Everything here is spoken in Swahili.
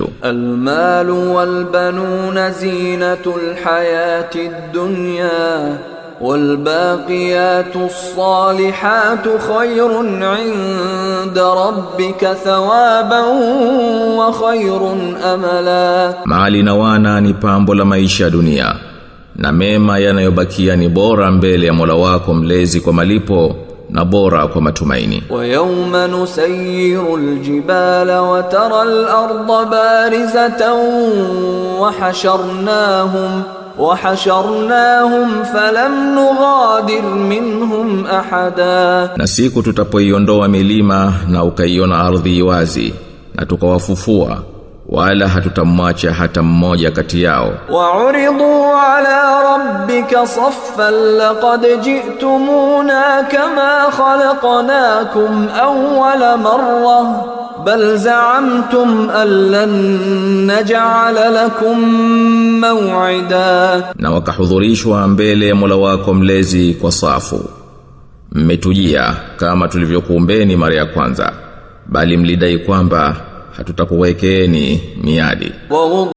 vitu. Almalu walbanuna zinatul hayati dunya walbaqiyatu ssalihatu khayrun inda rabbika thawaban wa khayrun amala, mali na wana ni pambo la maisha ya dunia na mema yanayobakia ni bora mbele ya Mola wako mlezi kwa malipo na bora kwa matumaini. wa yawma nusayyiru aljibala wa tara al-ardha barizatan wa hasharnahum wa hasharnahum falam nughadir minhum ahada, na siku tutapoiondoa milima na ukaiona ardhi wazi na tukawafufua wala hatutamwacha hata mmoja kati yao. Wa uridu ala rabbika saffan laqad ji'tumun كَمَا خَلَقْنَاكُمْ أَوَّلَ مَرَّةٍ بَلْ زَعَمْتُمْ أَلَّن لن لَكُمْ مَوْعِدًا maw'ida na wakahudhurishwa mbele ya Mola wako mlezi kwa safu mmetujia kama tulivyokuumbeni mara ya kwanza bali mlidai kwamba hatutakuwekeeni miadi